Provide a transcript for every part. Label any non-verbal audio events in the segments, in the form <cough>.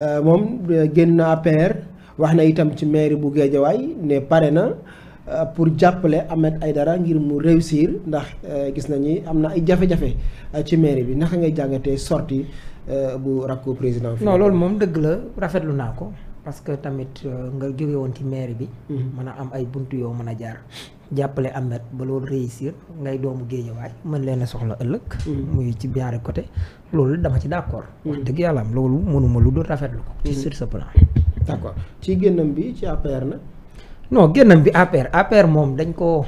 Euh, moom euh, génn na APR wax na itam ci mairie bu Guédiawaye ne pare na euh, pour jàppale ay dara ngir mu réussir ndax gis na ñi am na ay jafe-jafe ci mairie bi naka ngay jàngatee sortie bu rakku président. non loolu moom dëgg la rafetlu naa ko parce que tamit nga jóge woon ci mairie bi. Mm-hmm. mën a am ay buntu yoo mën a jaar. jàppale Ahmed ba loolu réussir ngay doomu géejawaay mën leen a soxla ëllëg. Mm-hmm. muy ci biari côté loolu dama ci d' accord. wax mm-hmm. dëgg yàlla am loolu mënuma lu dul rafetlu ko. Mm-hmm. sur ce plan. d' accord ci génnam bi ci APR na. non génnam bi APR APR moom dañ ko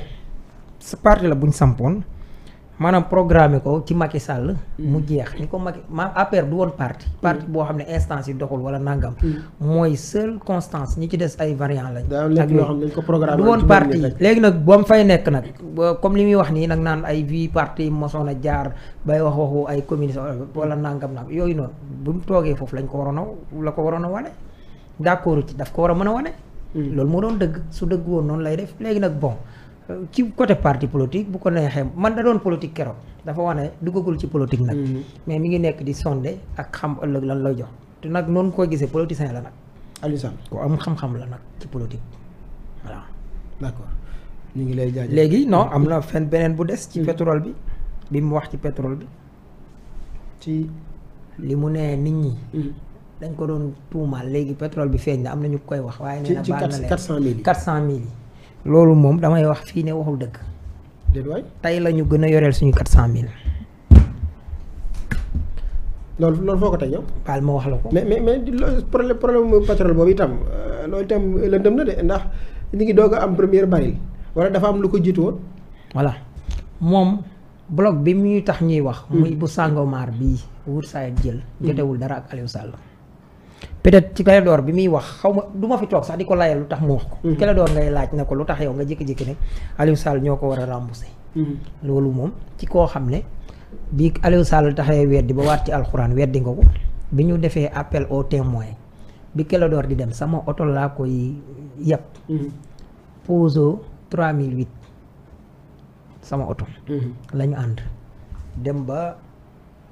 sa parti la buñ sampoon. maanaam programme ko ci Macky sàll mu mm. jeex ni ko Macky ma APR du woon parti. Mm. parti boo xam ne instance yi doxul wala nangam. Mm. mooy seule constance ñi ci des ay variant lañ. ak yoo xam ne ko programme du woon parti léegi nag ba mu fay nekk nag comme li muy wax nii nag naan ay vie parti mosoon a jaar bay wax waxu ay communiste euh, wala nangam nag yooyu noonu bu mu toogee foofu lañ ko waroon a la ko waroon a wane d'accord ci daf ko war a mën a wane. loolu moo doon dëgg su dëgg woon noonu lay def léegi nag bon. ci côté parti politique bu ko neexee man da doon politique keroog dafa wax ne duggagul ci politique nag. Mm-hmm. mais mi ngi nekk di sondé ak xam ëllëg lan lay jox te nag noonu koo gisee politicien la nag. Aliou Sall am xam la nag ci politique voilà. d'accord ñu ngi lay jaajëf léegi no am na mm-hmm. fen beneen bu des. ci mm-hmm. pétrole bi bi mu wax ci pétrole bi. ci li mu nee nit ñi. dañ ko doon tuumaal léegi pétrole bi feeñ na am na ñu koy wax. waaye nee na baal na leen quatre cent mille yi. loolu moom damay wax fii ne waxul dëgg. déedéet tey la ñu gën a yoreel suñu 400000. loolu loolu foo ko te ñëw baal ma wax la ko. mais mais mais problème problème pétrole boobu itam euh, loolu itam lëndëm na de ndax li ngi doog a am première bari wala dafa am lu ko jiitu woon. voilà moom bloc bi mu tax ñuy wax. muy hmm. bu Sangomar bii Woodside jël. jotewul dara ak Aliou Sall. peut-être ci Clédor bi muy wax xaw ma du ma fi toog sax di ko layal lu tax mu wax ko. Mm-hmm. Clédor ngay laaj na ko lu tax yow nga jékki-jékki ne Aliou Sall ñoo ko war a remboursé. Mm-hmm. loolu moom ci koo xam ne bii Aliou Sall taxawee weddi ba waat ci alxuraan weddi nga ko bi ñu defee appel au témoin bi Clédor di dem sama oto laa koy yeb. Peugeot 3008 sama oto. Mm-hmm. la ànd dem ba.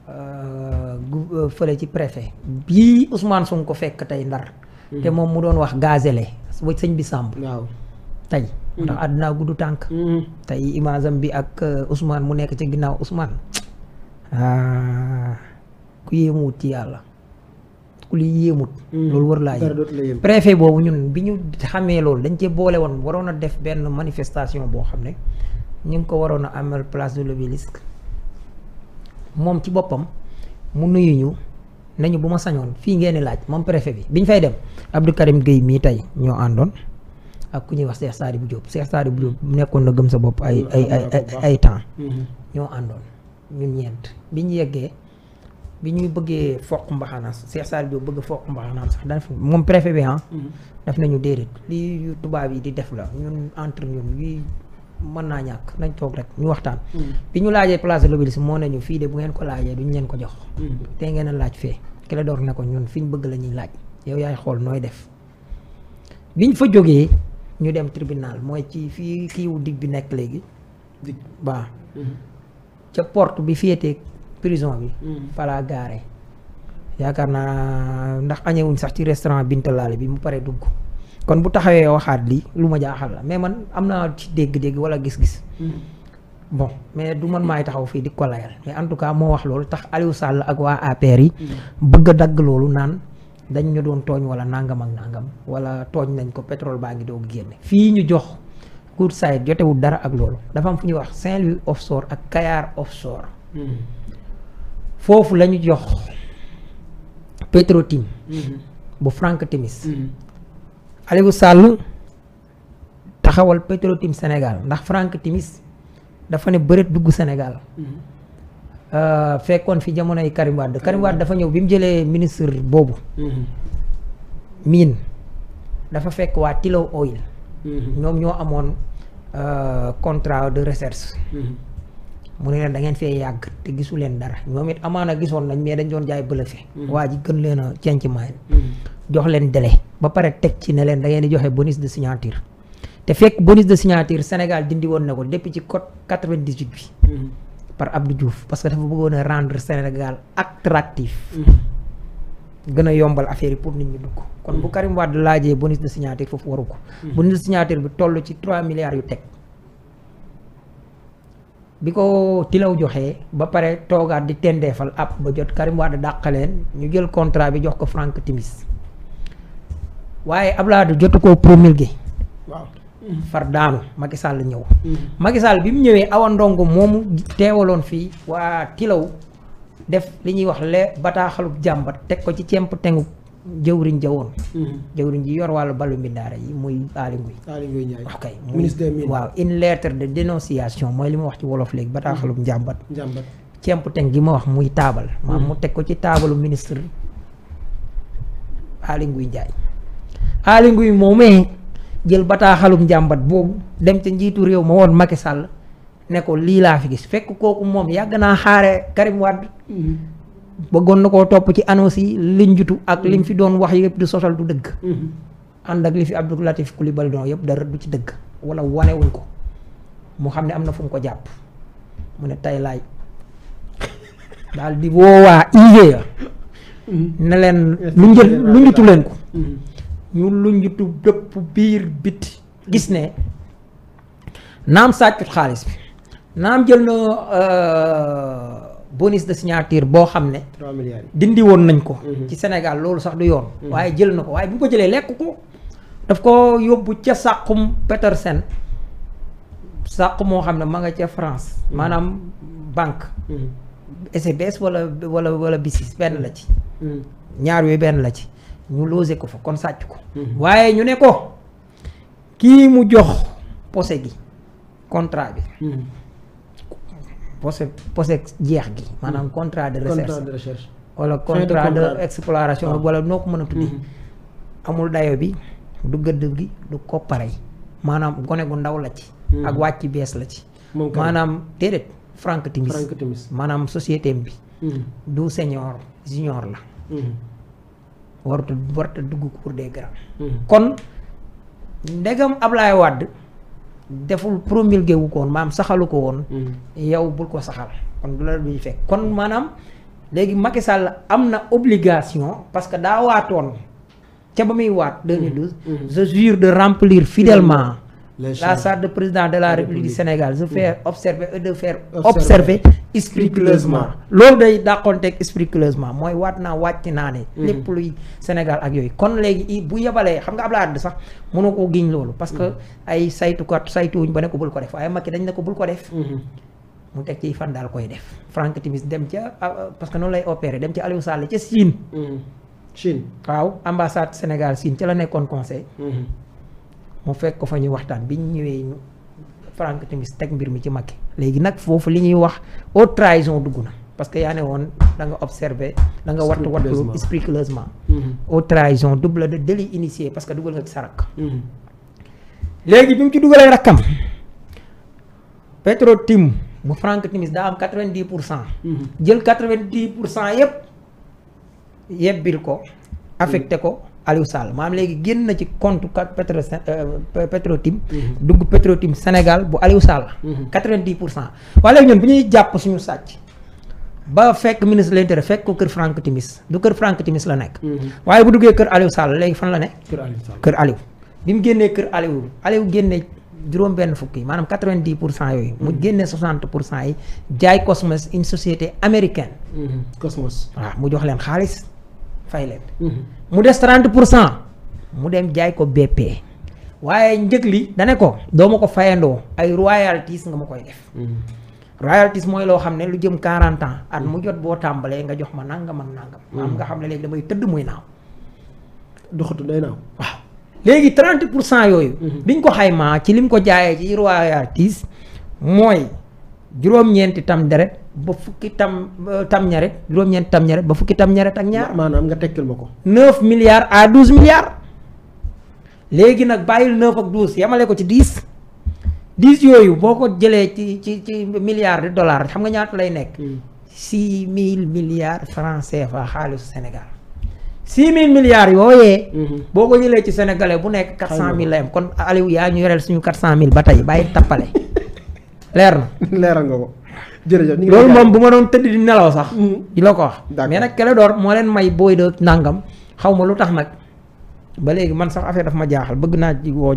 Euh, fële ci préfet bii Ousmane ko fekk tey ndar mhm. te moom mu doon wax gazele wa sëñ bi sàmb waaw tey mhm. ndax àdduna gudd tànk mhm. tey image bi ak euh, Ousmane mu nekk ci ginnaaw Ousmane ah ku yéemuwut ci yàlla ku li yéemut loolu war laa yéem préfet boobu ñun bi ñu xamee loolu dañ cee boole woon waroon a def benn manifestation boo xam ne ñu ngi ko waroon a amal place de l'Obélisque moom ci boppam mu nuyu ñu nañu bu ma sañoon fii ngeen laaj moom préfet bi bi biñ fay dem Abdou Karim Gueye mii tey ñoo àndoon ak ku ñuy wax Cheikh Sadibou Diop Cheikh Sadibou Diop nekkoon na gëm sa bopp ay ay ay temps. Mm-hmm. ñoo àndoon ñun ñeent ñu yeggee bi ñuy bëggee foq mbaxanaam Cheikh Sadibou Diop bëgg foq mbaxanaam sax daf moom préfet bi ah. Mm-hmm. daf nañu déedéet lii tubaab yi di def la ñun entre ñun mën naa ñàkk nañ toog rek ñu waxtaan. Hmm. bi ñu laajee place de l'Obélisque moo nañu fii de bu ngeen ko laajee duñ leen ko jox. Hmm. te ngeen a laaj fee Clédor ne ko ñun fi ñu bëgg la ñuy laaj yow yaay xool nooy def biñ fa jógee ñu dem tribunal mooy ci fii kiiwu digg bi nekk léegi. baa hmm. ca porte bi féetee prison bi. fala gaare yaakaar naa ndax añewuñ sax ci restaurant laale bi mu paree dugg. kon bu taxawee waxaat lii lu ma jaaxal la mais man am naa ci dégg-dégg wala gis-gis. bon mais du man maay taxaw fii di ko layal mais en tout cas moo wax loolu tax Aliou Sall ak waa APR yi. bëgg a dagg loolu naan dañ ñu doon tooñ wala nangam ak nangam wala tooñ nañ ko pétrole baa ngi doog génne. fii ñu jox Court Side jotewul dara ak loolu dafa am fu ñuy wax Saint-Louis offshore ak Kayar offshore. foofu la ñu jox Petro-Tim. Mhm. bu Frank Timis. Mhm. Aliou Sall taxawal Petro-Tim Sénégal ndax Franck Timis dafa ne bëreet dugg Sénégal mhm. euh, fekkoon fi jamonoy Karim Wade dafa ñëw bi mu jëlee ministre boobu mhm. miin dafa fekk waa Tullow Oil mhm. ñoom ñoo amoon euh, contrat de recherche mu ne leen da ngeen fee yàgg te gisu leen dara ñoom it amaan amaana gisoon nañ mee dañ doon jaay bëlëfe waa ji gën leen a cenc maay jox leen délai ba pare teg ci ne leen da ngeen di joxe bonus de signature te fekk bonus de signature Sénégal dindi woon na ko depuis ci code 98 bi. Mm-hmm. par Abdou Diouf parce que dafa bëggoon a rendre Sénégal attractif. Mm-hmm. gën a yombal affaire yi pour nit ñi dugg. kon bu mm-hmm. Karim Wade laajee bonus de signature foofu waru ko. bonus de signature bi toll ci 3 milliards yu teg. bi ko tilaw joxe ba pare toogaat di tendeefal ab ba jot Karim Wade leen ñu jël contrat bi jox ko Frank Timis waaye Abdoulaye jotu ko promulgué. waaw far daanu Macky Sall ñëw. Mm. Macky Sall bi mu ñëwee Awa Ndongo moomu teewaloon fii waa Tilaw def li ñuy wax le bataaxalu jàmbat teg ko ci cemp tengu jëwriñ ja woon. Mm. jëwriñ ji yor wàllu balu mbindaara yi muy Aly Ngouille. Aly Ngouille Ndiaye ok muy waaw une lettre de dénonciation mooy li wax ci wolof léegi bataaxalu njàmbat. njàmbat cemp teng gi ma wax muy taabal. maanaam mm. mu teg ko ci taabalu ministre Aly Ngouille Ndiaye. Aly Ngouille moomee jël bataaxalum njàmbat boobu dem ca njiitu réew ma woon Macky Sall ne lii laa fi gis fekk kooku moom yàgg naa xaare Karim Wade mm-hmm. bëggoon na ko topp ci annonce yi liñ jutu ak liñ fi mm-hmm. doon wax yëpp du sosal du dëgg mm-hmm. ànd ak li fi Abdou Latif Coulibaly doon yëpp dara du ci dëgg wala wanewuñ ko mu xam ne am na fu ko jàpp mu ne tay laay <laughs> daal di woowaa IG ya ne leen lu njël lu njutu leen ko ñu lunjitu dëpp biir biti gis ne naam sàccut xaalis bi naam jël na euh, bonus de signature boo xam ne. 3 milliards dindi woon nañ ko. Mhm. ci senegal loolu sax du yoon. Mhm. waaye jël na ko waaye bu ñu ko jëlee lekk ko. daf ko yóbbu ca sàqum Petersen sàq moo xam ne ma nga ca France. Mhm. maanaam banque. SBS wala wala wala BICIS benn la ci. ñaar yooyu benn la ci. ñu lose ko fa kon sàcc ko. Mhm. waaye ñu ne ko kii mu jox pose gi contrat bi. pose mhm. pose jeex gi. maanaam mhm. contrat de recherche contrat de recherche. wala contrat de ah. wala noo ko mën tuddi amul dayo bi du gëdd gi du kopparay maanaam gone gu ndaw la ci. ak wàcc bees la ci. maanaam déedéet Frank Timis. Frank Timis maanaam société bi. du senior junior la. warta warta dugg cour des grands hmm. kon ndegam Ablaye Wade deful promulgué wu ko maam saxalu ko woon hmm. yow bul ko saxal kon du la bi fekk kon maanaam léegi Macky am na obligation parce que daa waatoon ca ba muy waat 2012 je hmm. de remplir fidellement la charte président de la république du Sénégal de faire observer de faire observer scrupuleusement loolu day dàqonteeg scrupuleusement mooy waat naa wàcc naa ne mm. lépp luy Sénégal ak yooyu kon léegi bu yebalee xam nga Abdoulaye Wade sax mënoo ko giñ loolu parce que mm. ay saytukat saytuwuñ ba ne ko bul ko def waaye Macky dañ ne ko bul ko def mm-hmm. mu teg ci fan daal koy def Franck Timis dem ca parce que noonu lay opéré dem ca Aliou Sall ca Chine mm. Chine waaw ambassade Sénégal Chine ca la nekkoon conseil mm-hmm. mu fekk ko fa ñuy waxtaan bi ñu ñëwee Frank Timis teg mbir mi ci Macky léegi nag foofu li ñuy wax haute trahison dugg na parce que yaa ne woon da nga danga da nga wattu wattu scrupuleusement mhm. haute trahison double de délit initié parce que dugal nga ci mhm. léegi bi mu ci dugalee rakkam Petro Tim bu Frank Timis daa am quatre vingt pour cent mhm. jël quatre-vingt-dix pour cent yépp biir ko affecté ko Aliou Sall maanaam léegi génn na ci compte Petro euh, Petrotim. Mhm. dugg Petrotim Sénégal bu Aliou Sall. 90 mhm. pour cent waaye léegi ñun bu ñuy jàpp suñu sàcc. ba fekk ministre de l'intérieur fekk ko kër Frank Timis du kër Frank Timis la nekk. Mhm. waaye bu duggee kër Aliou Sall léegi fan la ne. kër Aliou Sall kër Aliou. bi mu génnee kër Aliou Aliou génne juróom benn fukki maanaam 90 pour cent yooyu. mu génne 60 pour cent yi jaay Cosmos une société américaine. Cosmos waaw mu jox leen xaalis. fay leen. Mhm. mu des trente pour cent mu dem jaay ko BP. waaye njëg li dane ko doo ma ko fayandoo ay royalties nga ma koy def. Mhm. royalties mooy loo xam ne lu jëm 40 ans at mhm. mu jot boo tàmbalee nga jox ma nangam ak nangam. maam nga xam ne léegi damay tëdd muy naaw. doxatu day naaw léegi 30 pour cent yooyu. biñ ko xaymaa ci lim ko jaayee ci royalties mooy juróom-ñeenti tam deret ba fukki tam euh, tam ñare juróom-ñeent tam ñare ba fukki tam ñare ak ñaar. maanaam nga tekkil ma ko. 9 milliards à 12 milliards. léegi nag bàyyil 9 ak 12 yemale ko ci 10 10 yooyu boo ko jëlee ci ci ci milliards de dollars xam nga ñaata lay nekk. 6 hmm. mille milliards franc CFA xaalisu senegal 6 mille milliards yooyee. Hmm. boo ko jëlee ci sénégalais bu nekk 400000 lay am kon Aliou yaa ñu yoreel suñu mille ba tey bàyyi tappale <laughs> leer na. leeral ko. jërëjëf loolu moom bu ma doon tëdd di nelaw sax. Mm. di la ko wax. mais nag kele door moo leen may booy de nàngam xaw ma lu tax nag ba léegi man sax affaire daf ma jaaxal bëgg naa ci woo